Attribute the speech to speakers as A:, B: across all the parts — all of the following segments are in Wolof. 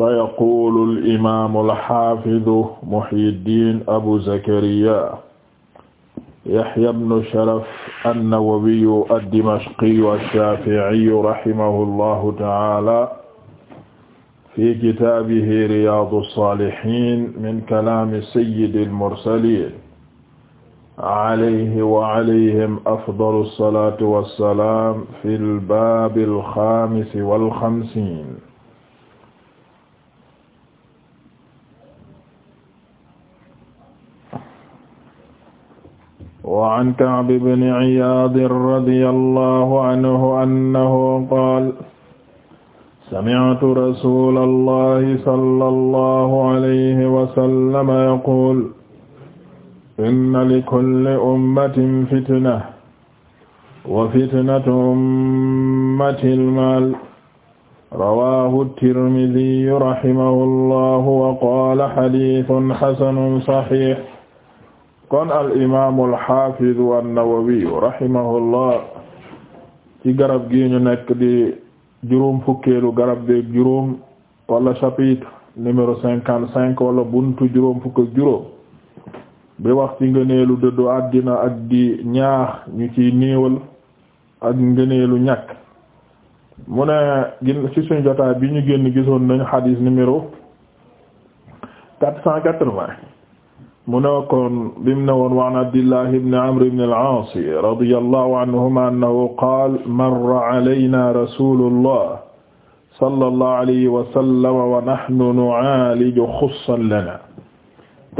A: فيقول الإمام الحافظ محي الدين أبو زكريا يحيى بن شرف النووي الدمشقي الشافعي رحمه الله تعالى في كتابه رياض الصالحين من كلام سيد المرسلين عليه وعليهم أفضل الصلاة والسلام في الباب الخامس والخمسين wa an Ka'b ibn Iyaad radiyallahu anhu annahu qaala sami'tu rasuulallahi sallallahu alayhi wa sallam yaquulu inna likulli ummatin fitnatan wa fitnatu ummatil maal rawaahu at-Tirmidhi rahimahullahu wa qaala hadiisun hasanun sahiih kon al imaamu al xaafidu an-Nawawi rahimahullah ci garab gi ñu nekk di juróom fukkeelu garab de juróom wala chapitre numéro cinquante cinq wala buntu juróom fukk ak juróom bi wax ci ngëneelu dëddu àddina ak di ñaax ñu ciy néewal ak ngëneelu ñàkk mu ne ci suñu jotaay bi ñu génn gisoon nañu xadiis numéro quatre cent quatre-vingt mu nekkoon bim ne woon waan Abdillah ibn Amr ibn al-Aas radiyallahu anhuma annahu qaala marra alaynaa rasuulullah sallallahu wa sallam wa nahnu nu'aaliju xussan lanaa.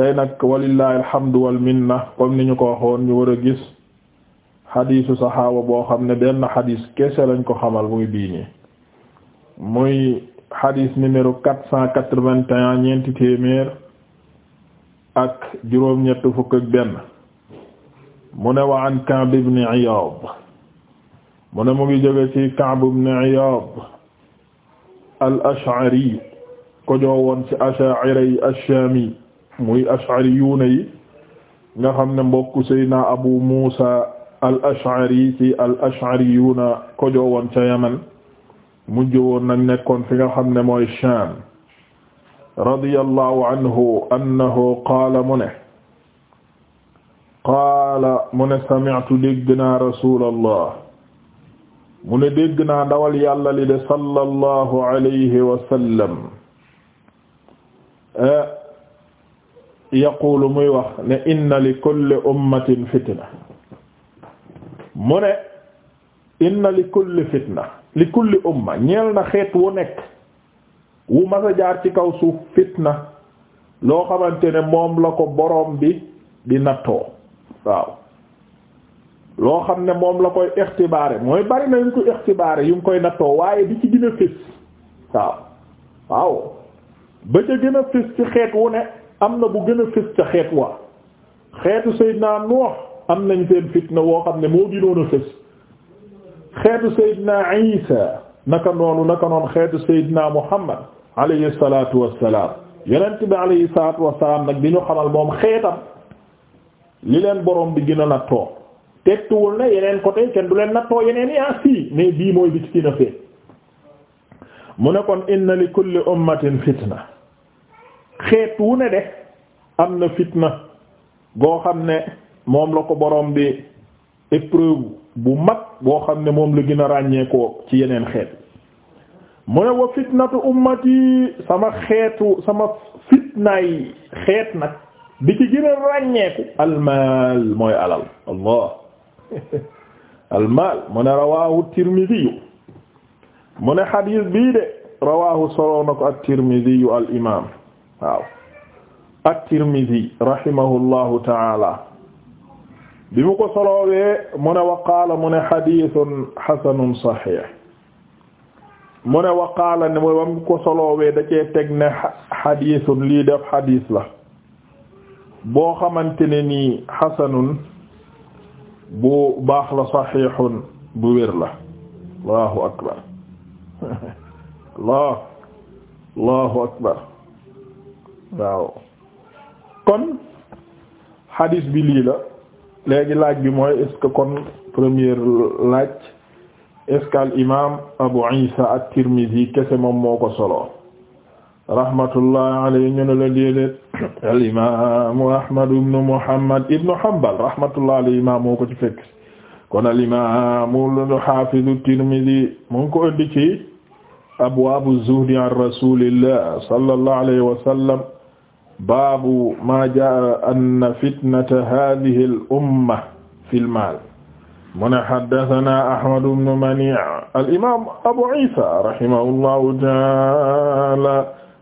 A: tey nag walillahi alhamdu wal minna comme ni ñu ko a ñu war a gis xadiisu saxaaba boo xam ne benn xadiis kese lañ ko xamal muy biini muy xadiis numéro quatre cent quatre-vingt-un ñeenti téeméer. ak juróom ñett fukk ak benn mu ne wa an Ka'b ibn Iyad mu ne mu ngi jóge ci Ka'b ibn Iyad al-Ash'ari ko ci Ash'ari yi ash muy Ash'ari yuuna yi nga xam ne mbokk seyna Abu Musa al-Ash'ari ci al-Ash'ari yuuna ko ca Yaman mujj woon nag nekkoon fi nga xam ne mooy Sham radiyallahu anhu annahu qaala mu ne qaala mu ne sami'tu dégg naa rasulallah mu ne dégg naa dawal yàlla li de sallallahu alayhi wa sallam eh, yaqulu muy wax ne inna li kulli ummatin fitna mu ne inna li kulli fitna li kulli umma ñeel na xeet wu nekk wu mas a jaar ci kaw suuf fitna loo xamante ne moom la ko boroom bi di nattoo waaw loo xam ne moom la koy ixtibaare mooy bari na yu ko ixtibaare yu ngi koy nattoo waaye di ci gën a fis waaw waaw ba ca gën a fis ci xeet wu ne am na bu gën a fis ca xeet wa xeetu Seydina Nuux am nañ seen fitna woo xam ne moo gënoon a fis xeetu Seydina Isa naka noonu naka noonu xeetu Seydina Muhammad alayhi salaatu wassalaam yeneen bi alayhi salaatu wassalaam nag bi ñu xamal moom xeetam li leen borom bi gën a nattoo tegtuwul ne yeneen côté kenn du leen nattoo yeneen yaa ah sii mais bii mooy bi ci gën a fee mu ne kon inna li kulli fitna xeet wu ne de am na fitna goo xam ne moom la ko boroom bi épreuve bu mag boo xam ne moom la gën a ràññeekoo ci yeneen xeet mu ne wa fitnatu ummati sama xeetu sama fitnaay xeet nag bi ci gën a ràññeeku almal mooy alal allah almal mu ne rawahu tirmidiyu mu ne xadiis bii de rawahu soloo na ko ak tirmidiyu al imam waaw ak tirmidi rahimahullahu taala bi mu ko soloowee mu ne wa qaala mu ne xadiisun xasanun saxiix mu ne waqaala ne mooy bam ko soloowee da cee teg ne xadiisun lii def xadiis la boo xamante ne nii xasanun bu baax la saxiixun bu wér la allahu akbar allah akbar waaw kon xadiis bi lii la léegi laaj bi mooy est-ce kon première laaj est-ce que al imaam Abu Isa at-Tirmidhi kese moom moo ko solo rahmatullah alayhi ñu ne la déedéet al imaam Ahmad ibn Muhammad ibn Hanbal rahmatullah alayhi ma moo ko ci fekk kon al imaam al-Hafiz at-Tirmidhi mu ngi ko indi ci abwaabu zuhdi an rasulillah sallallahu alayhi wa sallam baabu ma jaa anna fitnata hadhihi al-umma fil maal mu ne haddasanaa Ahmad ibn Mani' al-imaam Abu Iisa rahimahullahu ta'aala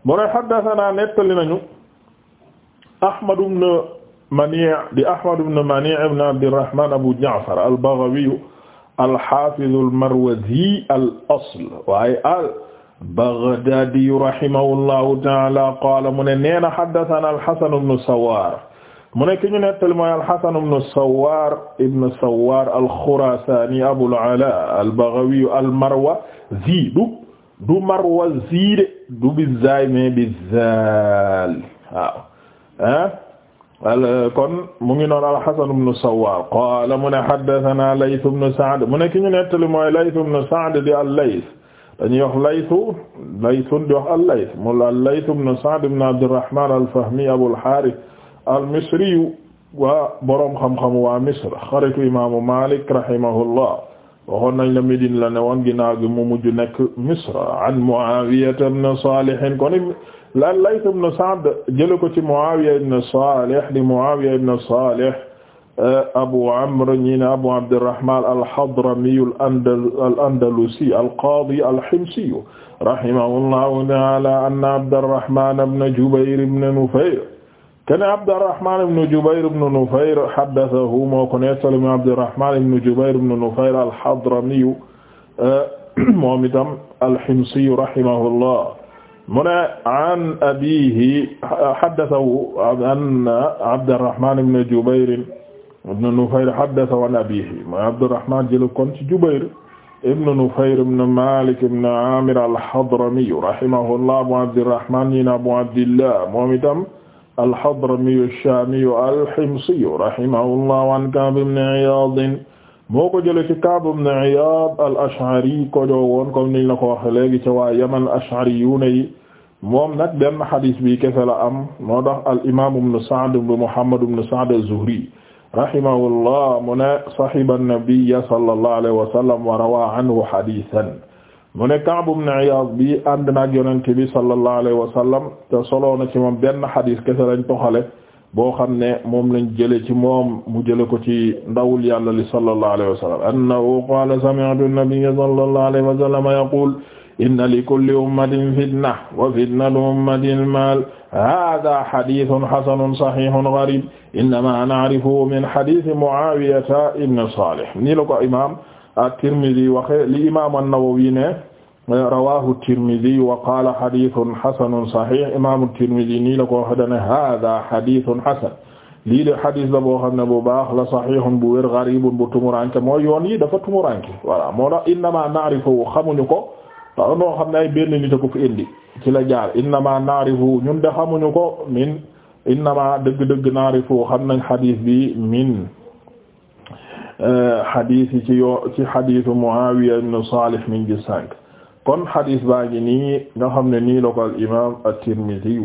A: mu ne haddasanaa nettali nañu Ahmad ibn Mani' di Ahmad ibn Mani' ibn Abdirrahmaan Abu Ja'far al-Baghawi al-Haafiz al-Marwazi al-asl waaye al-Baghdaadi rahimahullahu ta'aala qaala mu ne nee na haddasanaa al-Hasan ibn Sawwaar mu nekk ñu nettali mooy al-Hasan ibn Sawwar ibn Sawwar al-Khurasani Abul Ala al-Baghawi al-Marwazi du du Marwazi de du bi zaay mais bi zaal waaw al kon mu ngi noon al-Hasan ibn Sawwar qaala mu ne haddathana Layth ibn Sa'd mu nekk ñu nettali mooy Layth ibn Sa'd di al-Layth dañuy wax laytu laytun di wax al-Layth mu al-Layth ibn Sa'd ibn Abd al-Rahman al-Fahmi Abul Harith al-Misriyu waa boroom xam-xamu waa Misr xaritu imaamu Malik rahimahullah waxoon nañ la Médine la ne woon ginnaaw gi mu mujj nekk Misra an Muawiya ibn Salih kon lan Layth ibn Sa'd jële ko ci Muawiya ibn Salih di Muawiya ibn Salih eh, Abu Amr ñi ne Abu Abdirrahman al-Hadrami al-Andalusi al-Qadi al-Himsi rahimahullahu ta'ala anna Abdirrahman ibn Jubayr ibn Nufayr kana Abdurrahman ibn Jubayr ibn Nufayr haddathahu moo ko nettali mu Abdurrahman ibn Jubayr ibn Nufayr al-Hadrami eh, moom itam al-Himsi rahimahullah mu ne an abiihi haddathahu anna Abdurrahman ibn Jubayr ibn Nufayr haddathahu an abiihi mu Abdurrahman jël kon ci Jubayr ibn Nufayr ibn Malik ibn Amir al-Hadrami rahimahullah Abu Abdurrahman ibn Abu Abdillah moom itam alxadramiyu alchaamiyu alximsiyu rahimahullah an Kaab ibn Iyaad moo ko jëlee ci Kaab ibn Iyaad al ashari ko joowoon comme niñ la ko waxee léegi ca waa Yaman ashari yu ne yi moom nag benn xadis bi kese la am moo tax al imaam ibn Sa'd ibn Muhammad ibn Sa'd az-Zuhri rahimahullah mu ne sahiba an-nabiyya sallallahu alayhi wa sallam wa rawaa anhu hadiisan mu ne Ka'b ibn Iyad bi ànd naag yonent bi sallallahu alayhi wa sallam te soloo na ci moom benn xadiis kese lañ toxale boo xam ne moom lañ jële ci moom mu jële ko ci ndawul yàlla li sallallahu alayhi wa sallam annahu qaala sami'tu an-nabiyya sallallahu alayhi wa sallam yaqul inna li kulli ummatin fitna wa fitnatu ummati al-maal haaza hadiisun hasanun sahiihun gariib innamaa na'rifuhu min hadiisi Mu'aawiyata ibn Saalih nii la ko imaam at-Tirmidhi waxe li imam an-Nawawi ne rawahu at-Tirmidhi wa qala hadithun hasanun sahih imam at nii la ko waxe dane hasan lii de hadith la boo xam ne bu baax la sahihun bu wér gharibun bu tumuranke mooy yoon yi dafa tumuranke voilà moo tax innama na'rifu xamuñu ko taw noo ne ay benn a ko fi indi ci la jaar innama na'rifu ñun de xamuñu ko min innama dëgg-dëgg na'rifu xam nañ hadith bi min xadis yi ci yoo ci xadisu Muawiya ibn Salih min gis sànq kon xadis baa ngi nii nga xam ne nii la ko al imaam at-Tirmidhi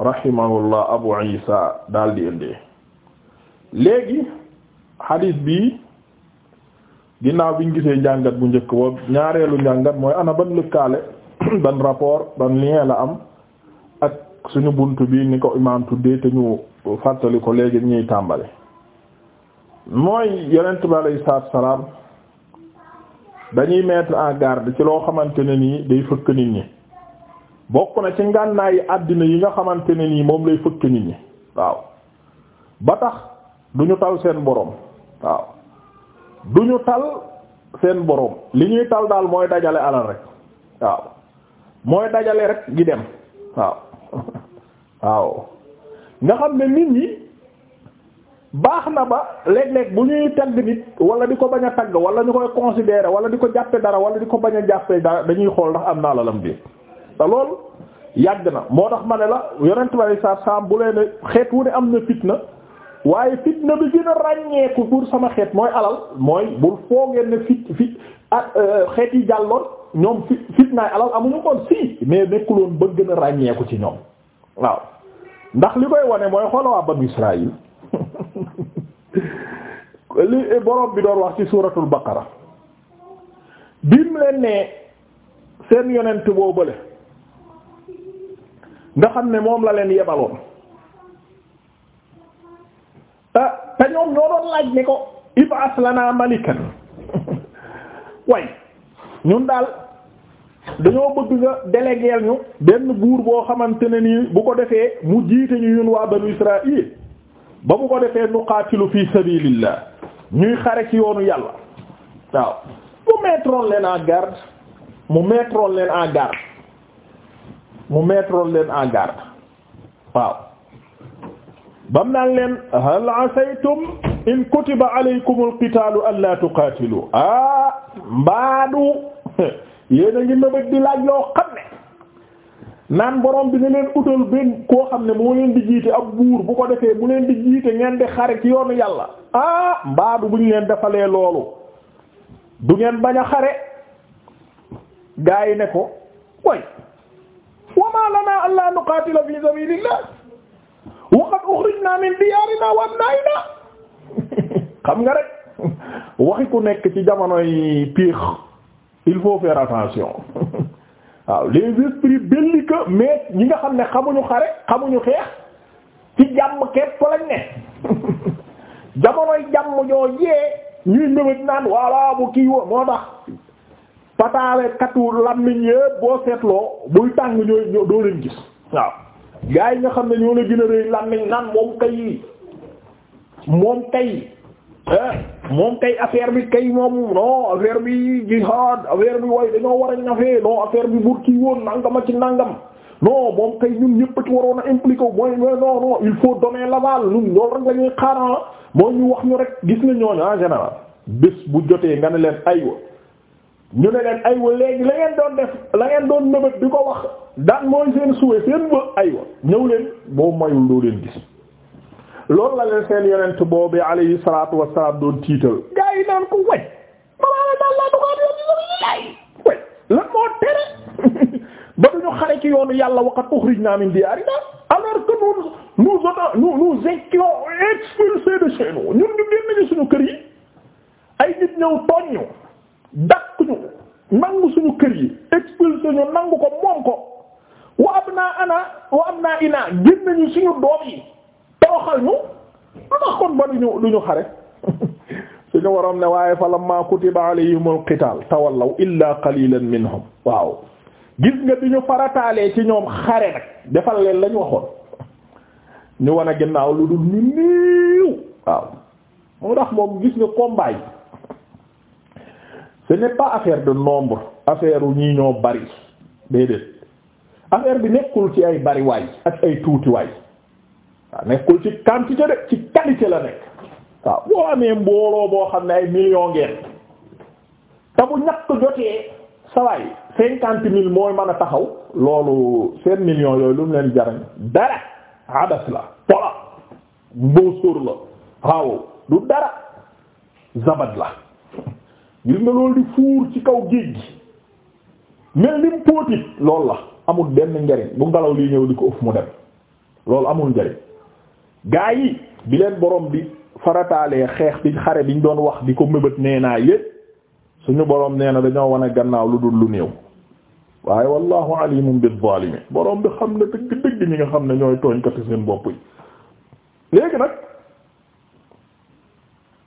A: rahimahullah Abu Isa daal di indee léegi xadis bi ginnaaw biñ gisee njàngat bu njëkk boobu ñaareelu njàngat mooy ana ban lëkkaale ban rapport ban lien la am ak suñu bunt bi ni ko imaam tuddee te ñu fàttali ko léegi ñuy tàmbale mooy yonent bi alayhi salaatu salaam dañuy mettre en garde ci loo xamante ne nii day fëkk nit ñi bokk na ci ngànnaayi àddina yi nga xamante ne nii moom lay fëkk nit ñi waaw ba tax du ñu tal seen boroom waaw du ñu tal seen boroom li ñuy tal daal mooy dajale alal rek waaw mooy dajale rek gi dem waaw waaw nga xam ne nit ñi baax na ba léeg-léeg bu ñuy tagg nit wala di ko bañ a tagg wala ñu koy considérer wala di ko jàppe dara wala di ko bañ a jàppe dara dañuy xool ndax am naa la lam bi te loolu yàgg na moo tax ma ne la yonent bari sa saam bu leen xeet wu ne am na na waaye fitna bi gën a ràññeeku pour sama xeet mooy alal mooy bul foogee ne fit fit a euh, xeet yi jàlloon ñoom fit fitnaay alal amuñu kon si mais nekkuloon ba gën a ràññeeku ci ñoom waaw ndax li koy wane mooy xoolawaa Banu Israël li borom bi doon wax ci suuratul baqara bim leen ne seen yonent boobale nga xam ne moom la leen yebaloon ah, te ñoom ñoo doon laaj ne ko ib'as lana malikan way ñun daal dañoo bëgg nga déléguer ñu benn buur boo xamante ne nii bu ko defee mu jiite ñu ñun waa banu Israël ba mu ko defee nuqaatilu fi sabilillah ñuy xare ci yoonu yàlla waaw mu mettroon leen en garde mu mettroon leen en garde mu mettroon leen en garde naan leen hal asaytum in kutiba alaykumul qitaalu allaa tuqaatilu ah mbaadu yéena ngi mébét di laaj loo xam ne naan borom bi ne leen utal benn koo xam ne moo leen di jiite ak buur bu ko defee mu leen di jiite ngeen di xare ci yoonu yàlla ah mbaadu bu ñu leen defalee loolu du ngeen bañ a xare gaa yi ne ko way wa ma lana alla nuqatila fi sabilillah wa qad ukhrijna min diyarina wa abnaina xam nga rek waxi ku nekk ci jamonoy piix il faut faire attention waaw les esprits belliqueux mais ñi nga xam ne xamuñu xare xamuñu xeex ci jàmm képp lañ ne jamonoy jàmm ñoo yee ñuy nëbët naan voilà bu kii woo moo tax pataale katu làmmiñ yépp boo seetloo buy tàng ñooy doo leen gis waaw gaa yi nga xam ne ñoo la gën a rëy làmmiñ naan moom kay moom kay moom kay affaire bi kay moom non affaire bi jihad affaire bi way dañoo war a ñafe non affaire bi bur kii woon nangama ci nangam non moom kay ñun ñëpp ci waroon a impliqué wu mooy non non il faut donner l'aval ñun loolu rek la ñuy mooy ñu wax ñu rek gis na ñooñu en général bés bu jotee nga ne leen aywa ñu ne leen aywa léegi la ngeen doon def la doon nëbët di ko wax daan mooy seen suwe seen bë aywa ñëw leen boo mayul doo leen gis loolu la leen seen yonent boobu alayhi salaatu wassalaam doon tiital gaa yi naan ko waj balaa daan laa dugaat yoon yoon yi laay lan moo tere ba duñu xare ci yoonu yàlla waqat ukhrijna min diyaarinaa alors que nous nous nous nous étions expulsés de chez ñun ñu génn ñu suñu kër yi ay nit ñëw tooñ dakk ñu nangu suñu kër yi expulsé ñu nangu ko moom ko wa abnaa ana wa abnaa inaa génn ñu suñu doom yi toroxal ñu lu tax kon ba duñu duñu xare suñu waroon ne waaye fa lamma kutiba alayhimul qitaal tawallaw illa qalilan minhum waaw gis nga bi ñu farataalee ci ñoom xare nag defal leen lañu waxoon ñu wan a ginnaaw lu dul ñu néew waaw moo tax moom gis nga combat yi ce n'est pas affaire de nombre affaire ñii ñoo bari déedéet affaire bi nekkul ci ay bariwaay ak ay tuutiwaay waaw nekkul ci quantité de ci qualité la nekk waaw boo amee mbooloo boo xam ne ay million ngeen te bu ñàkk jotee sawaay cinquante mille mooy mën a taxaw loolu seen millions yooyu lu mu leen jariñ dara abas la pola mbóosóor la waaw du dara zabat la gis nga loolu di fuur ci kaw géej gi mel lim póotit loolu la amul benn njariñ bu ngelaw li ñëw di ko ëf mu dem loolu amul njariñ gaa yi bi leen boroom bi farataalee xeex bi xare ñu doon wax di ko mëbët nee naa yépp suñu borom nee na dañoo wane gannaaw lu dul lu néew waaye wallahu alimun bil zalimin borom bi xam ne dëgg dëgg ñi nga xam ne ñooy tooñkati seen bopp yi léegi nag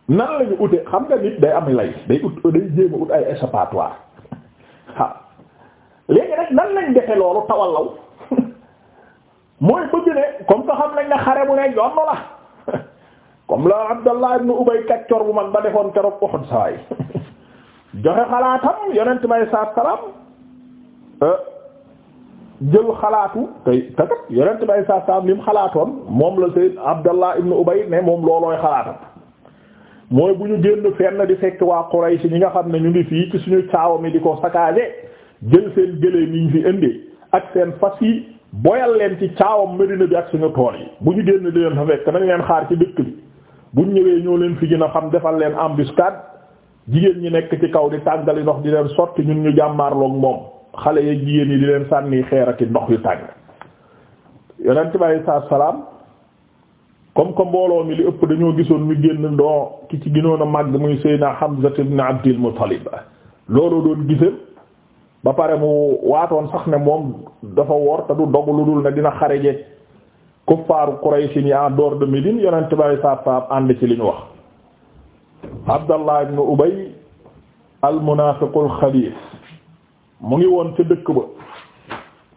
A: nan lañu ute xam nga nit day am lay day ut day jéema ut ay échappatoire léegi nag nan lañ defe loolu tawallaw mooy bëgg ne comme ko xam nañ ne xare mu ne yoon la comme la Abdallah ibn Ubay kaccor bu mag ba defoon keroog Uhud sawaay joxe xalaatam yonent may saat salaam euh, jël xalaatu tey takat yonent may saat salaam lim xalaatoon moom la Sayyid Abdallah ibn Ubay ne moom loolooy xalaatam mooy bu ñu génn fenn di fekk waa si ñi nga xam ne ñu ngi fii ci suñu caawa mi di ko saccager jël seen gëléem yi ñu fi indi ak seen fas yi boyal leen ci caawam Medina bi ak suñu tool yi bu ñu génn di leen fa fekk nañ leen xaar ci dëkk bi buñ ñëwee ñoo leen fi gën a xam defal leen en embuscade jigéen ñi nekk ci kaw di tàngali ndox di leen sotti ñun ñu jàmmaarloog moom xale yeeg jigéen yi di leen sànni xeer ak ndox yu tàng yonent bi alayhi salaam comme que mbooloo mi li ëpp dañoo gisoon ñu génn doo ki ci ginoon a màgg muy Seydina Hamza ibn Abdil Muttalib looloo doon gisal. ba pare mu waatoon sax ne moom dafa woor te du dog lu dul ne dina xareje kuffaaru Quraysh en dehors de Médine yonent bay saab saab ànd ci li wax Abdallah ibn Ubay al munaafiqul mu ngi woon ci dëkk ba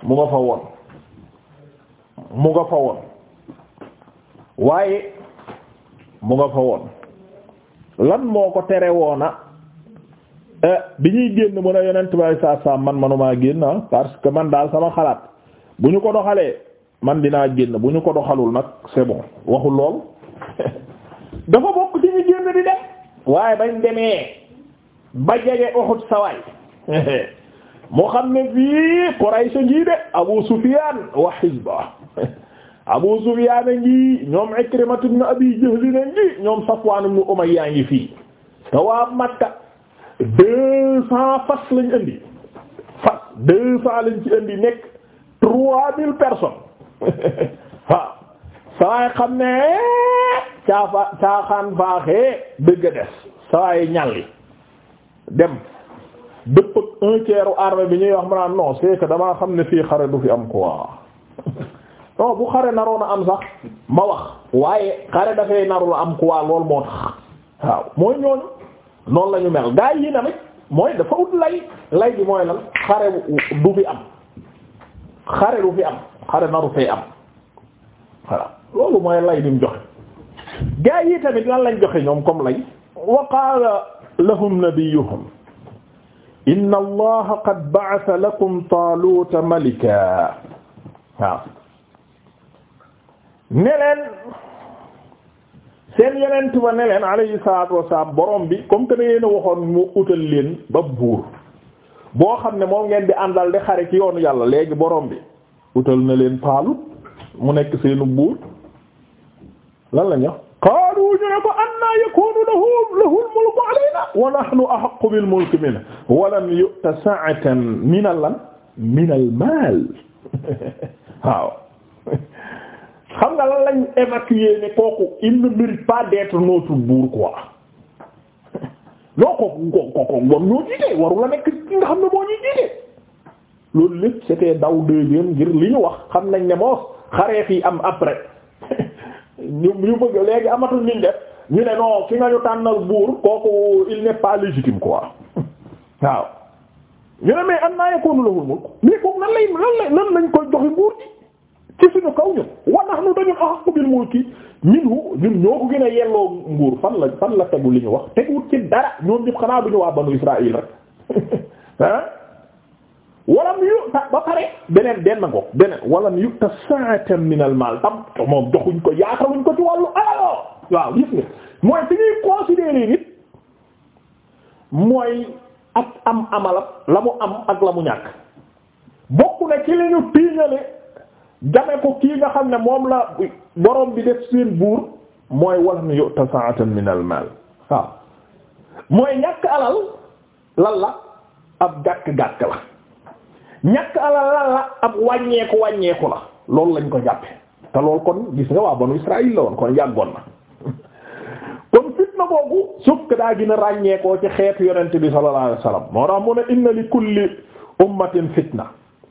A: mu nga fa woon mu nga fa woon waaye mu nga fa woon lan moo ko tere woona Eh, bi ñuy génn mu ne yonent baay saa saa man manumaa génn ah, parce que man daal sama xalaat bu ñu ko doxalee man dinaa génn bu ñu ko doxalul nag c'est bon waxul lool dafa bokk ci ñu génn di dem waaye bañ demee ba jege Uhud sawaay moo xam ne fii Quraysh ngi de Abu Sufyan wa hizba Abu Sufyan ngi ñoom Ikrimatu ibn Abi Jahl ngi ñoom Safwan ibn Umayya ngi fii te waa Makka deux cent fas lañ indi fas deux cent lañ ci indi nekk trois mille personnes waaw sawaay xam ne caafa caaxaan faaxee dëgg a des sawaay ñalli dem dëpp un tiers armée bi ñuy wax ma naan non c'est damaa xam ne fii xare du fi am quoi non bu xare naroon a am sax ma wax waaye xare dafay narul a am quoi loolu moo tax waaw mooy ñooñu noonu la ñu mel gaa yi nag mooy dafa ut lay lay bi mooy lan xare du fi am xare du fi am xare naru fee am voilà loolu mooy lay bi mu joxe gaa yi tamit lan lañ joxe ñoom comme lay wa qaala lahum nabiyuhum inna allaha qad ba'atha lakum taaluuta malika waaw ne leen seen yonent ba ne leen alayhi salaatu wasalaam borom bi comme que ne yéen a waxoon mu utal leen ba buur boo xam ne moom ngeen di àndal di xare ci yoonu yàlla léegi borom bi utal na leen Taalut mu nekk seenu buur lan la ñu wax qaalu ne ko anna yakunu lahu lahul mulku alayna wa nahnu ahaqqu bil mulki minhu wa lam yu'ta sa'atan min al min al waaw xam nga lan lañ évacuer ne kooku il ne mérite pas d'être notre buur quoi non kooku war ñoo jiite waru la nekk nga xam ne moo ñuy jiite loolu lépp c'était daw deuxième ngir li ñu wax xam nañ ne moos xareef yi am après ñu ñu bëgg léegi amatul niñ def ñu ne non ki nga ñu tànnal buur kooku il n'est pas légitime quoi waaw ñu ne mais am naa yakunu lahul mulk mais kooku nan lay nan lañ koy joxe buur ji ci suñu kaw ñun wa nahnu dañu ahqqu bil mulki minhu ñun ñoo ko gën a yelloo nguur fan la fan la tegu li ñu wax teguwut ci dara ñoom ñëpp xanaa duñu waa banu Israël rek ah. walam yu ba pare beneen benn ko beneen walam yu ta sa'atan min al tam moom joxuñ ko yaakaruñ ko ci wàllu alal waaw gis nga mooy fi ñuy considérer nit mooy ak am amalak la mu am ak la mu ñàkk bokk na ci lañu tiiñale game ko kii nga xam ne moom la borom bi def seen buur mooy walam yu'ta sa'atan min al mal mooy ñàkk alal lan la ab gàkk-gàkk la ñàkk alal lan ab wàññeeku wàññeeku la loolu lañ ko jàppe te loolu kon gis nga waa banu Israël la woon kon yàggoon na kon fitna boobu suuf daa gën a ràññeekoo ci xeetu yonent bi sallallahu alayhi moo tax mu ne inna li kulli ummatin fitna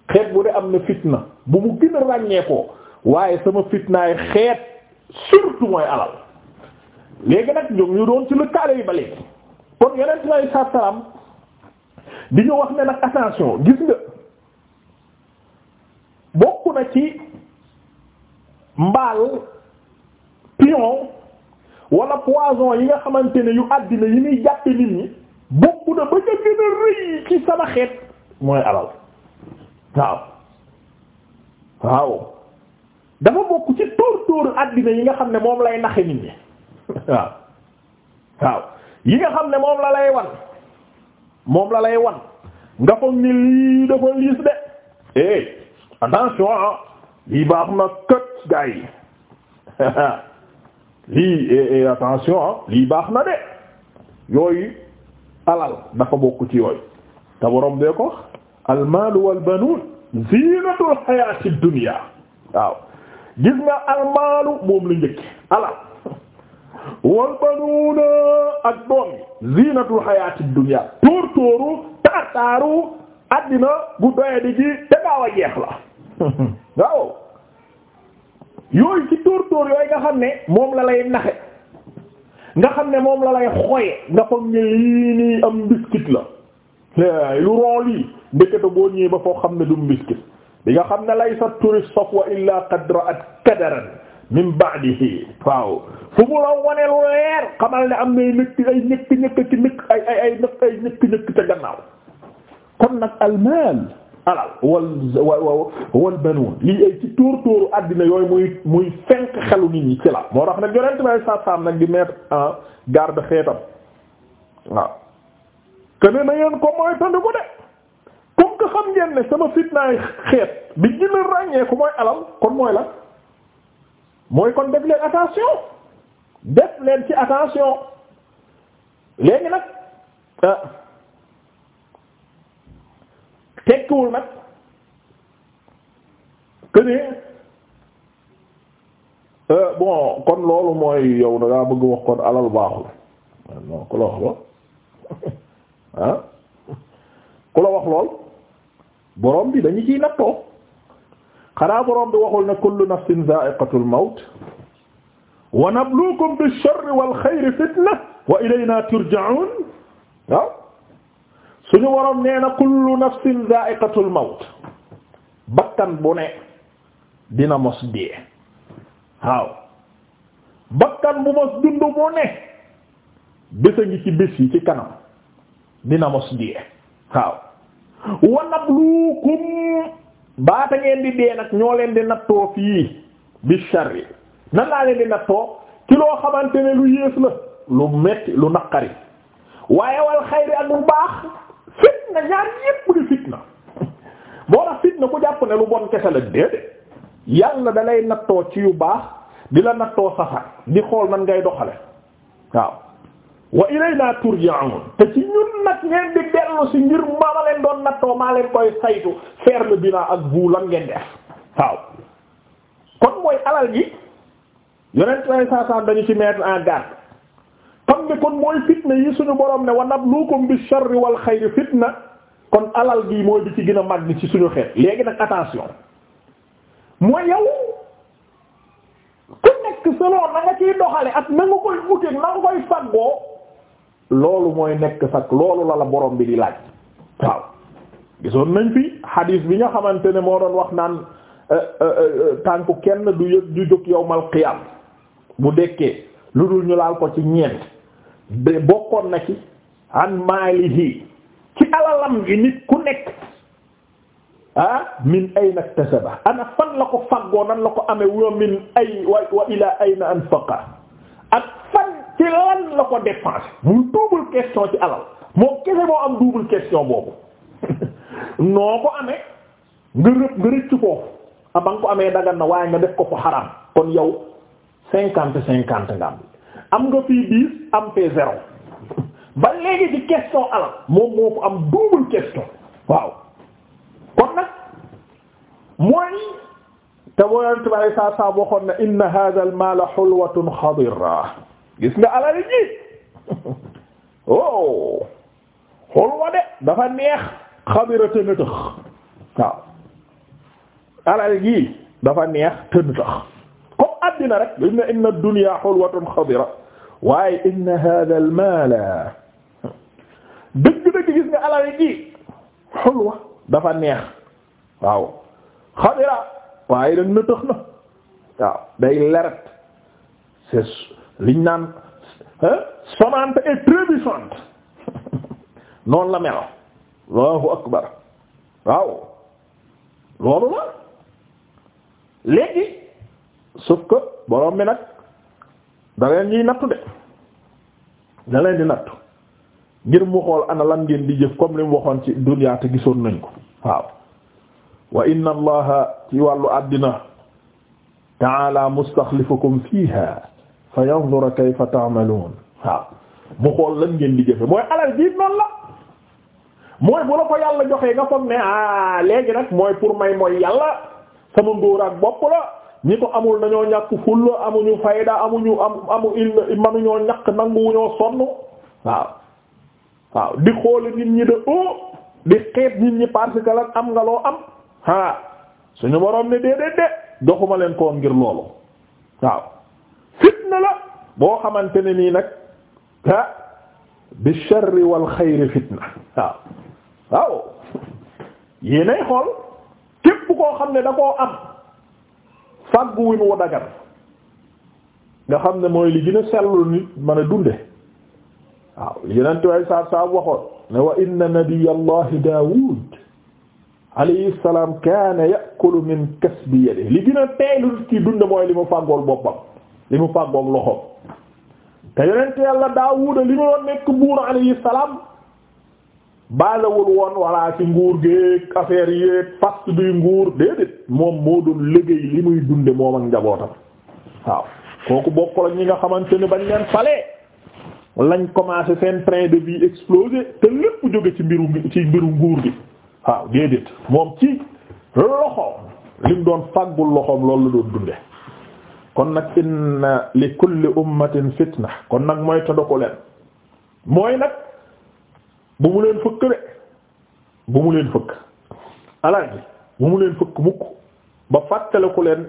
A: xeet bu de am na fitna bu mu gën a ràññeekoo waaye sama fitnaay xeet surtout mooy alal léegi nag ñoom ñu doon ci lëkkaale yi ba léegi kon yeneen ci lay sàttaram di ñu wax ne nag attention gis nga bokk na ci mbaal pion wala poison yi nga xamante ne yu àddina yi muy jàppe nit ñi bokk na ba ca gën a rëy ci sama xeet mooy alal waaw waaw dafa bokk ci tóor tóoru àddina yi nga xam ne moom lay naxe nit ñi waaw waaw yi nga xam ne moom la lay wan moom la lay wan nga foog ni lii dafa liis de eh, attention ah lii baax na kët gaa yi lii eh, eh, attention ah lii baax na de yooyu alal dafa bokk ci yooyu te borom bee ko almaalu wal banuun ziinatul hayaati dunya waaw gis nga almaalu moom la njëkk alal wal ak doom ziinatul hayaati dunya tóor tóoru taataaru addina bu doye di ji te gaaw a jeex la waaw yooyu ci tóor tóor yooyu nga xam ne moom la lay naxe nga xam ne moom la lay xoye nga foog ne lii nii am biscuit la lu eh, ron lii ndekete boo ñëwee ba xam ne du mbiskit di nga xam ne laysa turi safwa illa qadra at kadaran min ba'dihi waaw fu mu la leer xamal ne am nay nëkk ay nëkk nëkk ci ay ay ay ay nëkk nëkk ca gannaaw almaal alal wal wal wal banuun lii ay ci tóor tóoru àddina yooyu muy muy fenk xelu nit ñi ci la moo tax nag yonent bi sallallahu alayhi garde xeetam waaw te na ngeen ko mooy tënd ko de comme que xam ngeen ne sama fitnaay xeet bi gën a ràññee ko mooy alal kon mooy la mooy kon def leen attention def leen ci attention léegi nag ah tekkiwul nag que euh, bon kon loolu mooy yow da bëgg wax kon alal baaxul non ku la wax ba. ah ku la wax lool borom bi dañu ciy nattoo xanaa borom bi waxul ne kullu nafsin za'iqatul mawt wa nabluukum bish-sharri wal xayri fitna wa ilaynaa turja'uun waaw suñu borom nee na kullu nafsin za'iqatul mawt bakkan bu ne dina mos dee waaw bakkan bu mos dund bu ne bés ngi ci bés yi ci kanam. dina mos dee waaw wa nabluukum baata ngeen di dee nag ñoo leen di nattoo fii bi sharri nan laa leen di nattoo ci loo xamante ne lu yées la lu metti lu naqari waaye wal xayri ak lu baax fitna ñaar yépp di fitna boo tax fitna ku jàpp ne lu bon kese la déedéet yàlla dalay lay nattoo ci yu baax di la nattoo safar di xool nan ngay doxale waaw wa ilayna turja'un te ci ñun nag ngeen di dellu ci ngir ma ma leen doon nattoo maa leen koy saytu faire le bilan ak bu lan ngeen def waaw kon mooy alal gi yonent ay saasaan dañu ci mettre en garde xam ne kon mooy fitna yi suñu borom ne wa nabluukum bi sharri wal xayri fitna kon alal gi mooy bi ci gën a mag ni ci suñu xeet léegi nag attention mooy yow ku nekk selon na nga ciy doxale ak na koy wuteeg na koy faggoo loolu mooy nekk sax loolu la la borom bi di laaj waaw gisoon nañ fi hadis bi nga xamante ne moo doon wax naan euh, euh, euh, tànku kenn du yëg du jóg yowmal qiyam bu dekkee lu dul ñu laal ko ci ñeent de bokkoon na ci an maalihi ci alalam gi nit ku nekk ah min ayna iktasaba ana fan la ko faggoo nan la ko amee wa min ay wa ila ayna anfaqa ak ci la ko dépensé mu double question ci alal moo kese moo am double question boobu noo ko amee nga rëb nga rëcc foofu a ah, ba nga ko amee dagan na waaye nga def ko ko xaraam kon yow cinquante cinquante nga am am nga fii dix am fee zéro ba léegi ci question alal moom moo ko am double question waaw kon nag mooy te boo yonent saa saa waxoon na inna hadha al mala hulwatun gis nga alal ji oh xool wa de dafa neex xabira te nëtëx waaw alal ji dafa neex te nëtëx comme addina rek gis nga inna ad-dunya hulwatun xabira waaye inna hadha al-mal dëgg-dëgg gis nga alal ji xulwa dafa neex waaw xabira waaye nag nëtëx na waaw day leret c'est liñ naan sonnante et trébuchante noonu la melo loolu la léegi sauf que borom bi nag da leen nattu de da di nattu ngir mu xool ana lan ngeen di jëf comme li waxoon ci dunya gisoon nañ ko waaw wa inna allaha ci wàllu àddina ta'ala mustakhlifukum fiha fa yanzura kayfa ta'malun waaw mu xool lan ngeen di jëfe mooy alal jiit noonu la mooy bu la ko yàlla joxee nga foog ne ah léegi nag mooy pour may mooy yàlla sama ngóor ak bopp la ñi ko amul nañoo ñàkk fulla amuñu fayda amuñu am amu il manuñoo ñàkk nanguwuñoo sonn waaw waaw di xoole nit ñi de oo di xeet nit ñi parce am nga loo am ah suñu boroom ne déedéet de joxuma leen ko ngir loolu waaw fitna la boo xamante ne nii nag ah bi sharri wal xayri fitna waaw waaw yéenay xool képp koo xam ne da koo am fàggu win wu dagan nga xam ne mooy li gën a sellu nit mën a dunde waaw yenente way saab saab waxoon ne wa inna nabiyallahi daawud alayhi salaam kaana ya'kulu min kasbi yadihi li gën a teeylu ci dunde mooy li mu fàggool boppam li mu fàggoog loxoom te yonent yàlla Daawuda li mu doon nekk buur alayhi salaam baalewul woon walla ci nguur géeg affaire yéeg fast duy nguur déedéet moom moo doon liggéey li muy dunde moom ak njabootam waaw kooku bokk la ñi nga xamante ni bañ leen falee lañ commencé seen train de vie explosé te lépp jóge ci mbiru ci mbiru nguur gi waaw déedéet moom ci loxoom lim doon fàggul loxoom loolu la doon dunde kon nag inna li kulli ummatin fitna kon nag mooy tëddaku leen mooy nag bu mu leen fëkk de bu mu leen fëkk alal ji bu mu leen fëkk mukk ba fàttaliku leen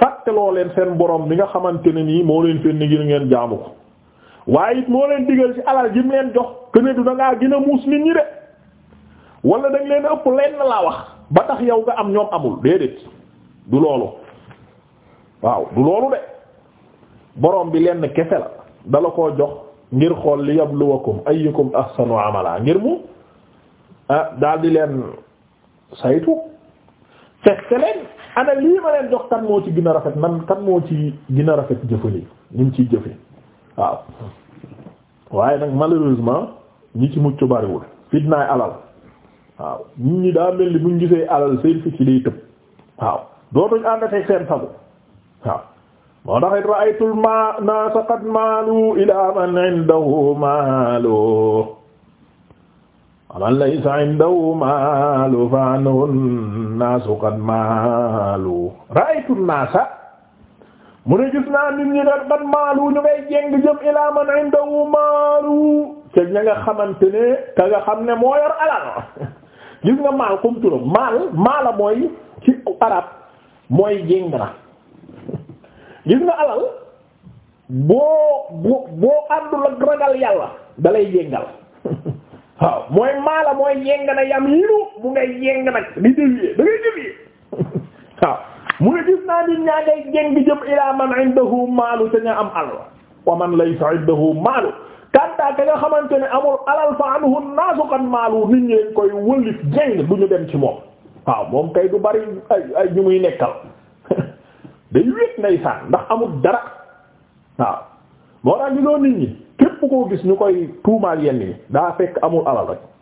A: fàttaloo leen seen borom bi nga xamante ne nii moo leen fenn ngir ngeen jaamu ko waaye it moo leen digal ci alal ji mu leen jox que du da ngaa gën a muus nit ñi de wala da nga leen ëpp leen laa wax ba tax yow nga am ñoom amul déedéet du loolu. waaw du loolu de borom bi lenn kese la dala koo jox ngir xool li yabluwakum ayyukum ahsanu amala ngir mu ah daal di leen saytu fekk leen ana lii ma leen jox kan moo ci gën a rafet man kan moo ci gën a rafet jëfali ñu ngi ciy jëfe waaw waaye nag malheureusement ñi ci mucc bariwul fitnaay alal waaw nit ñi daa mel ni buñ gisee alal seen fi ci tëb waaw dootuñ ànd ak seen sago waaw moo tax it ra'aytul ma naasa qad maalu ila man indahu maalu man laysa indahu maalu fa anhu naasu qad maalu ra'aytul naasa mu ne gis naa nit ñi da qad maalu ñu ngay jeng jëm ila man indahu maalu te ña nga xamante ne ka nga xam ne moo yor alal gis nga maal comme turam maal maala mooy ci arab mooy jeng na gis nga alal boo boo boo àndul ak ragal yàlla dalay yëngal waaw mooy maala mooy yëng na yam yiinu mu ngay yëng nag di dévier da ngay dévier waaw mu ne gis naa nit ñaa ngay jëng jëm ilaa man indahu maalu te ña am alal wa man laysa indahu maalu kanta ka nga xamante ne amul alal fa anhu naasu qad maalu nit ñeen koy wëlif jëng du ñu dem ci moom waaw moom kay du bari ay ñu muy nekkal day wéet ndeysaan ndax amul dara waaw moo tax ñu doon nit ñi képp koo gis ñu koy tuumaal yenn yi daa fekk amul alal rek